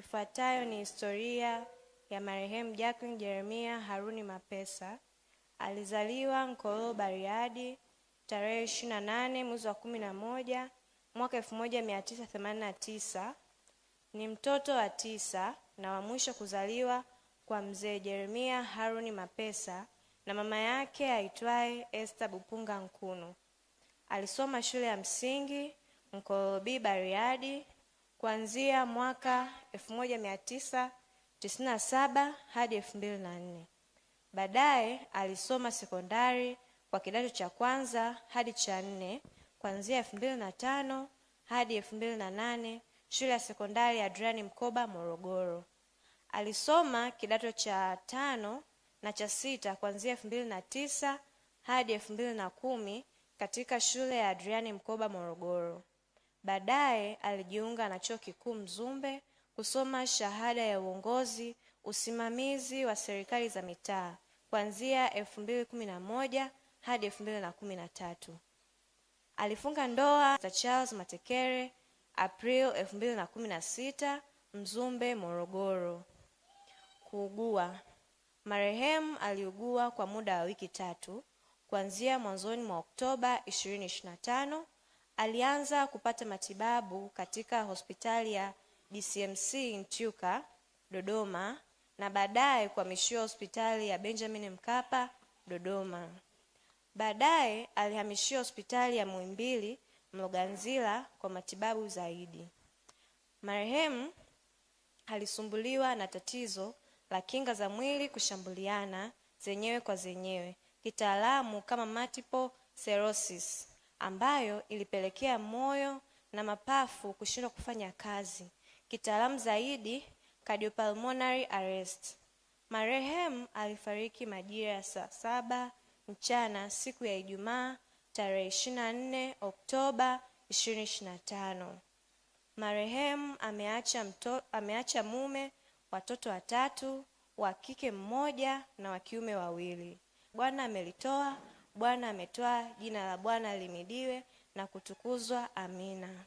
Ifuatayo ni historia ya marehemu Jacqueline Jeremia Haruni Mapesa. Alizaliwa Nkololo, Bariadi tarehe 28 mwezi wa 11 mwaka 1989. Ni mtoto wa tisa na wa mwisho kuzaliwa kwa mzee Jeremia Haruni Mapesa na mama yake aitwaye Esther Bupunga Nkunu. Alisoma shule ya msingi Mkolobi Bariadi kuanzia mwaka 1997 hadi 2004. Baadaye alisoma sekondari kwa kidato cha kwanza hadi cha nne kuanzia 2005 hadi 2008 shule ya sekondari ya Adriani Mkoba Morogoro. Alisoma kidato cha tano na cha sita kuanzia 2009 hadi 2010 katika shule ya Adriani Mkoba Morogoro. Baadaye alijiunga na Chuo Kikuu Mzumbe kusoma shahada ya uongozi, usimamizi wa serikali za mitaa kuanzia 2011 hadi 2013. Alifunga ndoa na Charles Matekere April 2016 Mzumbe, Morogoro. Kuugua. Marehemu aliugua kwa muda wa wiki tatu kuanzia mwanzoni mwa Oktoba 2025 alianza kupata matibabu katika hospitali ya DCMC ntuka Dodoma na baadaye kuhamishiwa hospitali ya Benjamin Mkapa, Dodoma. Baadaye alihamishiwa hospitali ya Muhimbili Mloganzila kwa matibabu zaidi. Marehemu alisumbuliwa na tatizo la kinga za mwili kushambuliana zenyewe kwa zenyewe, kitaalamu kama multiple sclerosis ambayo ilipelekea moyo na mapafu kushindwa kufanya kazi, kitaalamu zaidi cardiopulmonary arrest. Marehemu alifariki majira ya saa saba mchana siku ya Ijumaa tarehe 24 Oktoba 2025. Marehemu ameacha, mto, ameacha mume, watoto watatu wa kike mmoja na wa kiume wawili. Bwana amelitoa Bwana ametoa, jina la Bwana limidiwe na kutukuzwa. Amina.